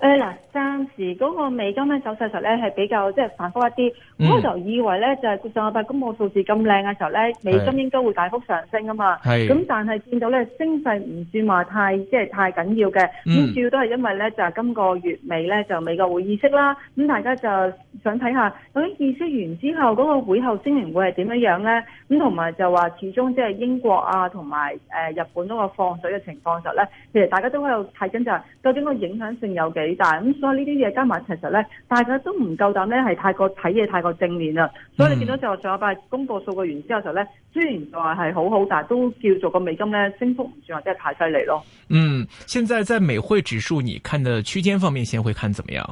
誒嗱、呃，暫時嗰個美金咧走勢實咧係比較即係反覆一啲。嗯、我由以為咧就係，是，上個月公佈數字咁靚嘅時候咧，美金應該會大幅上升啊嘛。咁是但係見到咧升勢唔算話太即係太緊要嘅。咁、嗯、主要都係因為咧就今，是，個月尾咧就美國會議息啦。咁大家就想睇下究竟議息完之後嗰，那個會後聲明會係點樣樣咧？咁同埋就話始終即係英國啊同埋誒日本嗰個放水嘅情況實咧，其實大家都喺度睇緊就係究竟個影響性有幾幾大咁。所以呢啲嘢加埋，其實咧大家都唔夠膽咧，係太過睇嘢，太過正面啦。所以你見到就話上個拜公布數據完之後咧，雖然話係好好，但係都叫做個美金咧升幅唔算話真係太犀利咯。嗯，現在在美匯指數，你看的區間方面，先會看怎麼樣？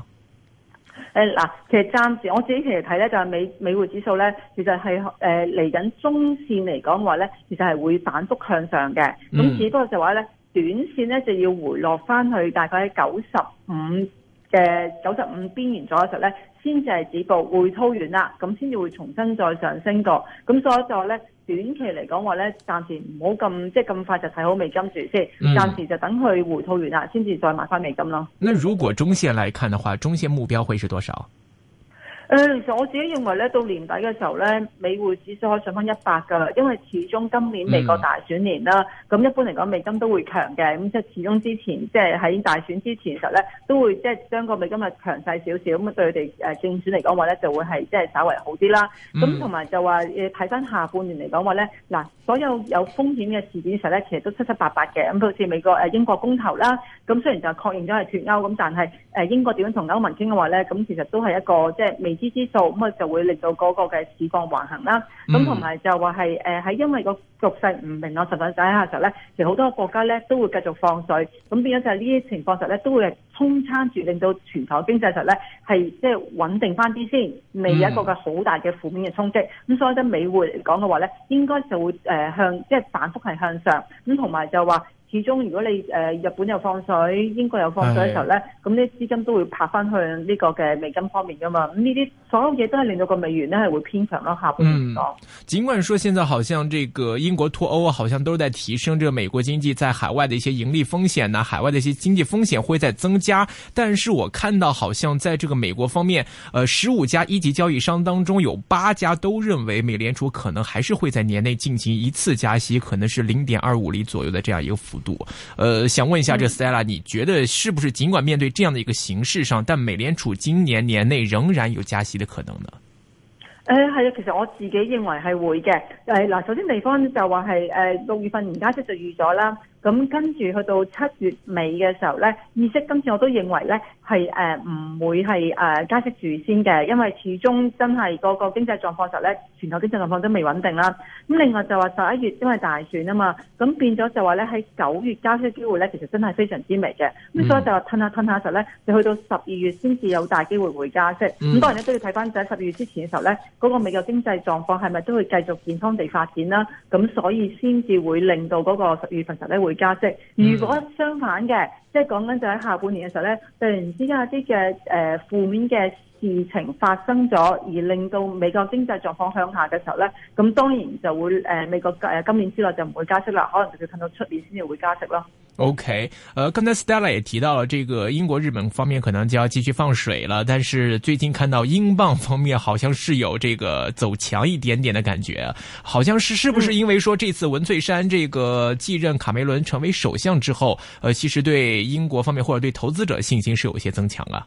誒嗱，其實暫時我自己其實睇咧，就係美美匯指數咧，其實係誒嚟緊中線嚟講嘅話咧，其實係會反復向上嘅。咁只不過就話咧。短線咧就要回落翻去大概喺九十五嘅九十五邊緣左右時候咧，先至係止步回吐完啦，咁先至會重新再上升過。咁所以就咧短期嚟講話咧，暫時唔好咁即係咁快就睇好美金住先，暫時就等佢回吐完啦，先至再買翻美金咯、嗯。那如果中線來看的話，中線目標會是多少？誒，其實、嗯、我自己認為咧，到年底嘅時候咧，美匯指數可以上翻一百㗎啦，因為始終今年美國大選年啦，咁、嗯、一般嚟講美金都會強嘅，咁即係始終之前即係喺大選之前時候咧，都會即係將個美金強小小啊強勢少少，咁對佢哋政選嚟講話咧，就會係即係稍為好啲啦。咁同埋就話睇翻下半年嚟講話咧，嗱所有有風險嘅事件時候咧，其實都七七八八嘅，咁好似美國、啊、英國公投啦，咁雖然就確認咗係脱歐，咁但係英國點樣同歐盟傾嘅話咧，咁其實都係一個即係、就是、未。資資做咁啊，就會令到嗰個嘅市況橫行啦。咁同埋就話係誒，喺因為個局勢唔明朗情況底下嘅時候咧，其實好多國家咧都會繼續放水，咁變咗就係呢啲情況實咧都會係沖撐住，令到全球經濟實咧係即係穩定翻啲先，未有一個嘅好大嘅負面嘅衝擊。咁所以咧美匯嚟講嘅話咧，應該就會誒向即係反覆係向上。咁同埋就話。始終如果你誒日本有放水，英國有放水嘅時候呢，咁呢資金都會拍翻去呢個嘅美金方面㗎嘛，咁呢啲所有嘢都係令到個美元呢係會偏強咯，下半嚟講、嗯。儘管說現在好像這個英國脫歐，好像都在提升這個美國經濟在海外的一些盈利風險呢，啊，海外的一些經濟風險會在增加，但是我看到好像在這個美國方面，呃，十五家一級交易商當中有八家都認為，美聯儲可能還是會在年內進行一次加息，可能是零點二五厘左右的這樣一個幅度、呃，想問一下，這 Stella，你覺得是不是盡管面對這樣的一個形勢上，但美聯儲今年年內仍然有加息的可能呢？誒，係啊，其實我自己認為係會嘅。係、呃、嗱，首先地方就話係，誒、呃，六月份唔加息就預咗啦。咁跟住去到七月尾嘅時候呢，意識今次我都認為呢係誒唔會係誒、呃、加息住先嘅，因為始終真係個個經濟狀況實呢，全球經濟狀況都未穩定啦。咁另外就話十一月因為大選啊嘛，咁變咗就話呢喺九月加息機會呢，其實真係非常之微嘅。咁、嗯、所以就話吞下吞下實呢，你去到十二月先至有大機會會加息。咁、嗯、當然咧都要睇翻喺十二月之前嘅時候呢，嗰、那個美國經濟狀況係咪都會繼續健康地發展啦？咁所以先至會令到嗰個十二月份實呢會。價值、嗯、如果相反嘅，即係講緊就喺下半年嘅時候咧，突然之間有啲嘅誒負面嘅。事情發生咗而令到美國經濟狀況向下嘅時候呢，咁當然就會誒、呃、美國誒今年之內就唔會加息啦，可能就要等到出年先至會加息咯。OK，呃，剛才 Stella 也提到了這個英國日本方面可能就要繼續放水了，但是最近看到英鎊方面好像是有這個走強一點點嘅感覺，好像是是不是因為說這次文翠珊這個繼任卡梅倫成為首相之後，呃，其實對英國方面或者對投資者信心是有些增強啊。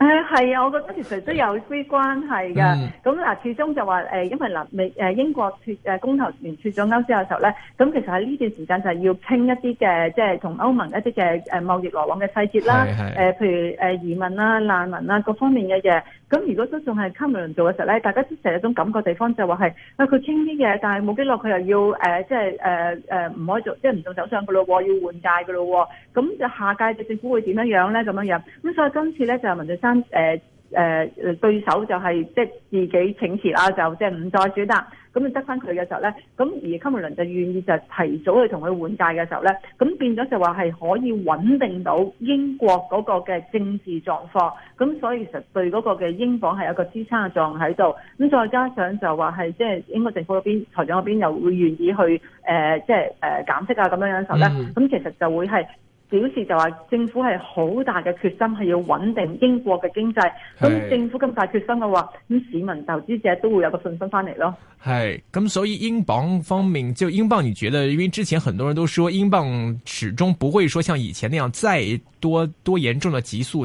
誒係、哎、啊，我覺得其實都有啲關係嘅。咁嗱、嗯，始終就話誒，因為嗱未誒英國脫誒公投完脫咗歐洲嘅時候咧，咁其實喺呢段時間就係要傾一啲嘅，即係同歐盟一啲嘅誒貿易來往嘅細節啦，係譬如誒移民啦、難民啦各方面嘅嘢。咁如果都仲係卡梅倫做嘅時候咧，大家即係有種感覺地方就話係啊，佢傾啲嘢，但係冇幾耐佢又要誒即係誒誒唔可以做，即係唔做首相嘅咯，要換屆嘅咯。咁就下屆嘅政府會點樣樣咧？咁樣樣。咁所以今次咧就係文誒誒、呃呃，對手就係即係自己請辭啦，就即係唔再選啦。咁你得翻佢嘅時候咧，咁而卡梅倫就願意就提早去同佢換屆嘅時候咧，咁變咗就話係可以穩定到英國嗰個嘅政治狀況。咁所以其實對嗰個嘅英鎊係有個支撐嘅作用喺度。咁再加上就話係即係英國政府嗰邊財長嗰邊又會願意去誒即係誒減息啊咁樣樣時候咧，咁、嗯、其實就會係。表示就話政府係好大嘅決心，係要穩定英國嘅經濟。咁政府咁大決心嘅話，咁市民投資者都會有個信心翻嚟咯。係咁，所以英鎊方面，就英鎊，你覺得因為之前很多人都說英鎊始終不會說像以前那樣再多多嚴重嘅急速，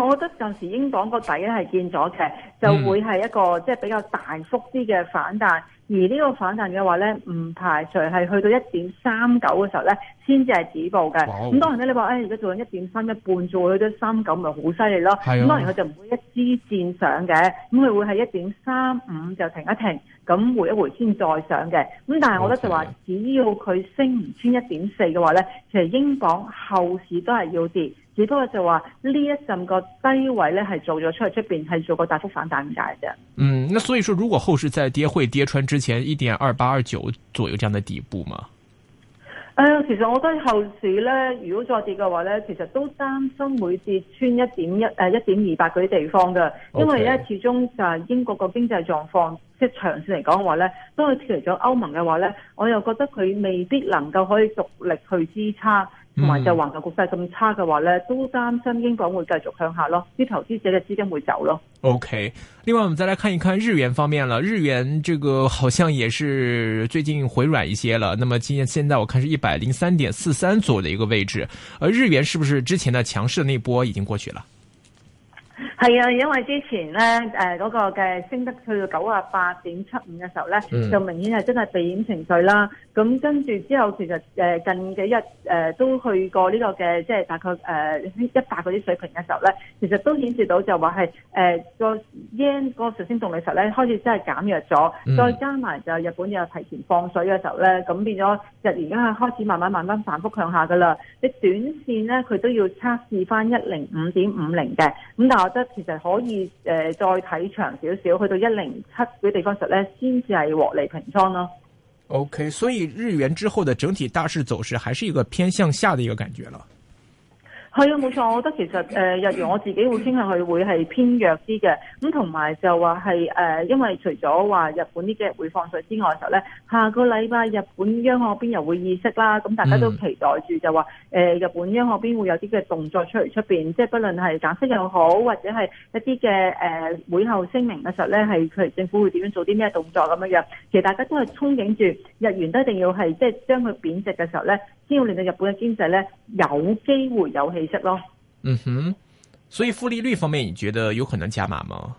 我覺得暫時英鎊個底咧係見咗嘅，就會係一個、嗯、即係比較大幅啲嘅反彈。而呢個反彈嘅話咧，唔排除係去到一點三九嘅時候咧，先至係止步嘅。咁當然咧，你話誒，而、哎、家做緊一點三一半，做去到三九，咪好犀利咯。咁當然佢就唔會一支箭上嘅，咁佢會係一點三五就停一停，咁回一回先再上嘅。咁但係我覺得就話，啊、只要佢升唔穿一點四嘅話咧，其實英鎊後市都係要跌，只不過就話呢一陣個。低位咧，係做咗出嚟，出邊係做個大幅反彈價嘅。嗯，那所以說，如果後市再跌，會跌穿之前一點二八二九左右這樣的底部嘛。誒、呃，其實我覺得後市咧，如果再跌嘅話咧，其實都擔心會跌穿一點一誒一點二八嗰啲地方噶。Okay. 因為咧，始終就係英國個經濟狀況，即、就、係、是、長線嚟講嘅話咧，當佢脫離咗歐盟嘅話咧，我又覺得佢未必能夠可以獨力去支撐。同埋就環球局勢咁差嘅話呢，都擔心英鎊會繼續向下咯，啲投資者嘅資金會走咯。OK，另外我們再來看一看日元方面啦，日元這個好像也是最近回軟一些了。那麼今夜現在我看是一百零三點四三左右嘅一個位置，而日元是不是之前的強勢的那波已經過去了？係啊，因為之前咧誒嗰個嘅升得去到九十八點七五嘅時候咧，mm hmm. 就明顯係真係避險情緒啦。咁跟住之後，其實誒、呃、近幾日誒、呃、都去過呢個嘅即係大概誒一百嗰啲水平嘅時候咧，其實都顯示到就話係誒個 yen 個上升動力時候咧開始真係減弱咗。Mm hmm. 再加埋就日本又提前放水嘅時候咧，咁變咗日而家係開始慢慢慢慢反覆向下㗎啦。你短線咧，佢都要測試翻一零五點五零嘅。咁但係我覺得。其實可以誒、呃、再睇長少少，去到一零七嗰啲地方實咧，先至係獲利平倉咯。OK，所以日元之後嘅整體大市走勢，還是一個偏向下的一個感覺啦。係啊，冇錯，我覺得其實誒日元我自己會傾向去會係偏弱啲嘅，咁同埋就話係誒，因為除咗話日本呢幾日會放水之外嘅時候咧，下個禮拜日本央行邊又會議息啦，咁大家都期待住就話誒日本央行邊會有啲嘅動作出嚟出面，即係不論係減息又好，或者係一啲嘅誒會後聲明嘅時候咧，係佢政府會點樣做啲咩動作咁樣樣。其實大家都係憧憬住日元都一定要係即係將佢貶值嘅時候咧，先要令到日本嘅經濟咧有機會有機會利息咯，嗯哼，所以負利率方面，你覺得有可能加碼嗎？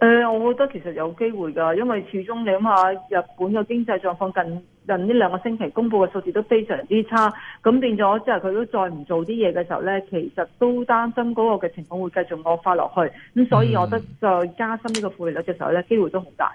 誒、呃，我覺得其實有機會噶，因為始終你諗下日本嘅經濟狀況近近呢兩個星期公布嘅數字都非常之差，咁變咗即係佢都再唔做啲嘢，嘅時候咧，其實都擔心嗰個嘅情況會繼續惡化落去，咁所以我覺得再加深呢個負利率嘅時候咧，機會都好大。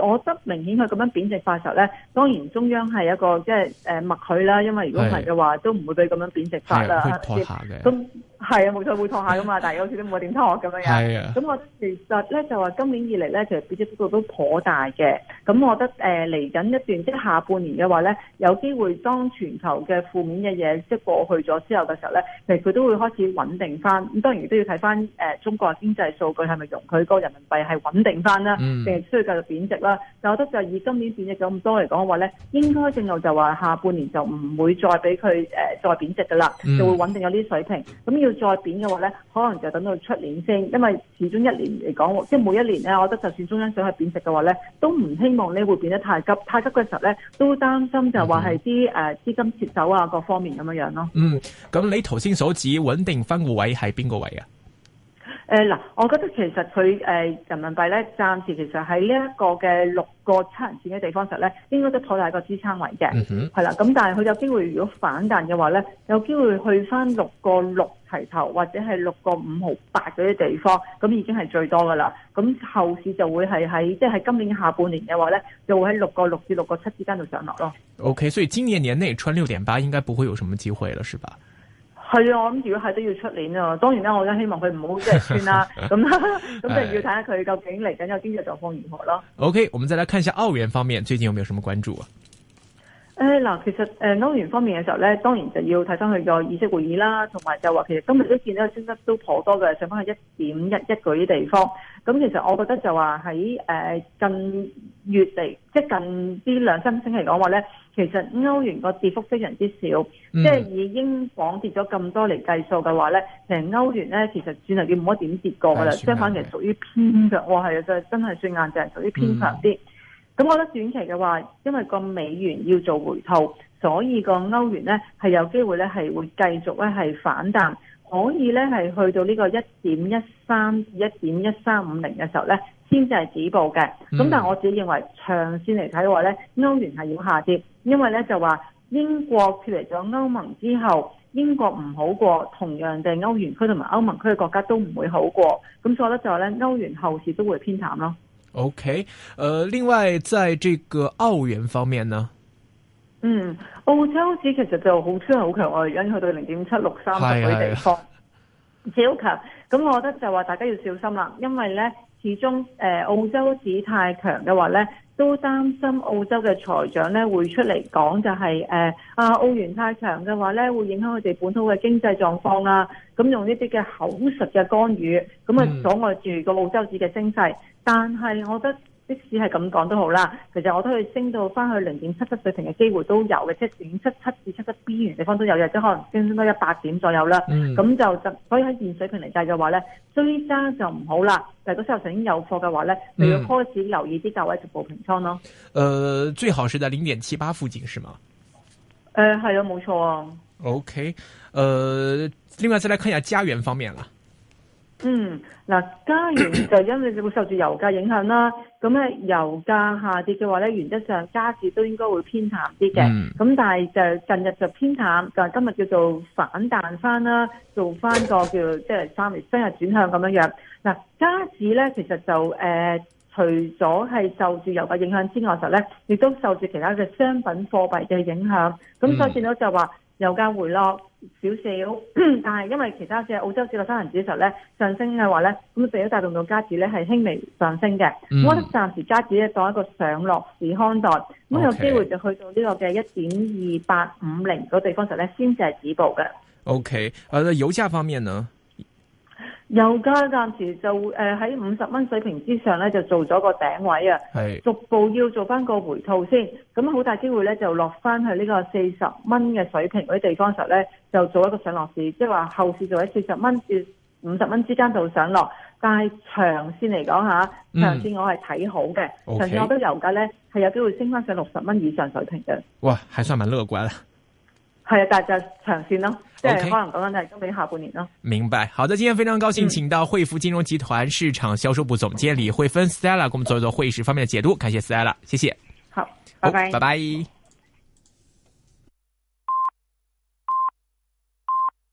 我覺得明顯佢咁樣貶值化嘅時候咧，當然中央係一個即係誒、呃、默許啦，因為如果唔係嘅話，的都唔會俾咁樣貶值化啦。是的下咁係啊，冇錯會拖下噶嘛， 但係好似都冇點拖咁樣樣。係啊。咁我覺得其實咧就話今年以嚟咧，其實貶值幅度都頗大嘅。咁我覺得誒嚟緊一段即係下半年嘅話咧，有機會當全球嘅負面嘅嘢即係過去咗之後嘅時候咧，其實佢都會開始穩定翻。咁當然都要睇翻誒中國嘅經濟數據係咪容許個人民幣係穩定翻啦，定係、嗯、需要繼續貶值啦。就我覺得就以今年貶值咗咁多嚟講嘅話咧，應該正路就話下半年就唔會再俾佢誒再貶值嘅啦，就會穩定有啲水平。咁要再貶嘅話咧，可能就等到出年先，因為始終一年嚟講，即係每一年咧，我覺得就算中央想去貶值嘅話咧，都唔希望咧會變得太急，太急嘅時候咧都擔心就話係啲誒資金撤走啊各方面咁樣樣咯。嗯，咁你頭先所指穩定分戶位係邊個位啊？誒嗱、呃，我覺得其實佢誒、呃、人民幣咧，暫時其實喺呢一個嘅六個七毫錢嘅地方實咧，應該都妥大一個支撐位嘅，係啦、嗯哼。咁但係佢有機會，如果反彈嘅話咧，有機會去翻六個六齊頭或者係六個五毫八嗰啲地方，咁已經係最多噶啦。咁後市就會係喺即係今年下半年嘅話咧，就會喺六個六至六個七之間度上落咯。OK，所以今年年內穿六點八應該不會有什麼機會了，是吧？係啊，我諗如果係都要出年啊，當然啦，我都希望佢唔好即係算啦，咁咁 就要睇下佢究竟嚟緊個經濟狀況如何咯。OK，我們再來看一下澳元方面最近有冇有什麼關注啊？誒嗱，其實誒歐元方面嘅時候咧，當然就要睇翻佢個議息會議啦，同埋就話其實今日都見到升得都頗多嘅，上翻去一點一一個啲地方。咁其實我覺得就話喺誒近月嚟，即、就、係、是、近啲兩三星期嚟講話咧，其實歐元個跌幅非常之少。即係、嗯、以英鎊跌咗咁多嚟計數嘅話咧，誒歐元咧其實轉係要冇乜點跌過噶啦，嗯、相反其實屬於偏強。哇、嗯，係啊、哦，就係真係算硬淨就係屬於偏強啲。嗯。咁我覺得短期嘅話，因為個美元要做回吐，所以個歐元咧係有機會咧係會繼續咧係反彈，可以咧係去到呢個一點一三至一點一三五零嘅時候咧，先至係止步嘅。咁、嗯、但係我自己認為，長線嚟睇嘅話咧，歐元係要下跌，因為咧就話英國脱離咗歐盟之後，英國唔好過，同樣嘅歐元區同埋歐盟區嘅國家都唔會好過，咁所以我覺得就係咧，歐元後市都會偏淡咯。OK，呃，另外，在這個澳元方面呢，嗯，澳洲市其實就好超好強，我而家去到零點七六三嗰啲地方，超強，咁 我覺得就話大家要小心啦，因為咧始終、呃、澳洲市太強嘅話咧。都擔心澳洲嘅財長咧會出嚟講，就係誒、啊，澳元太強嘅話咧，會影響佢哋本土嘅經濟狀況啦、啊。咁用呢啲嘅口實嘅干預，咁啊阻礙住個澳洲紙嘅升勢。但係我覺得。即使係咁講都好啦，其實我都可以升到翻去零點七七水平嘅機會都有嘅，即係點七七至七七邊緣地方都有嘅，即可能升多一百點左右啦。咁、嗯、就就可以喺現水平嚟計嘅話咧，追加就唔好啦。但係個時候已經有貨嘅話咧，你要開始留意啲價位逐步平倉咯。誒、嗯呃，最好是在零點七八附近，是嗎？誒係、呃、啊，冇錯啊。OK，誒、呃，另外再嚟看一下家園方面啦。嗯，嗱，加元就因為會受住油價影響啦。咁咧， 油價下跌嘅話咧，原則上加字都應該會偏淡啲嘅。咁、嗯、但係就近日就偏淡，就今日叫做反彈翻啦，做翻個叫即係三月三日轉向咁樣樣。嗱，加字咧其實就誒、呃，除咗係受住油價影響之外，實咧亦都受住其他嘅商品貨幣嘅影響。咁、嗯、所以見到就話。油價回落少少，但係因為其他市澳洲市嘅收銀指數咧上升嘅話咧，咁成日帶動到加指咧係輕微上升嘅。我覺得暫時加指咧當一個上落市看待，咁 Okay, 有機會就去到呢個嘅一點二八五零個地方實咧先至係止步嘅。OK，啊、呃，油價方面呢？油價，暫時就誒喺五十蚊水平之上咧，就做咗個頂位啊。是逐步要做翻個回吐先，咁好大機會咧就落翻去呢個四十蚊嘅水平佢啲地方時候咧，就做一個上落市，即係話後市就喺四十蚊至五十蚊之間做上落。但係長線嚟講下，長線我係睇好嘅，長線我都、嗯、有噶咧，係 Okay 有機會升翻上六十蚊以上水平嘅。哇，係算係樂觀啦。係啊，但係就長線咯，即係可能講緊係今年下半年咯。明白，好的，今天非常高興請到匯福金融集團市場銷售部總監李慧芬 Stella 給我們做一做匯市方面的解讀。感謝 Stella，謝謝。好，拜拜，拜拜，oh,。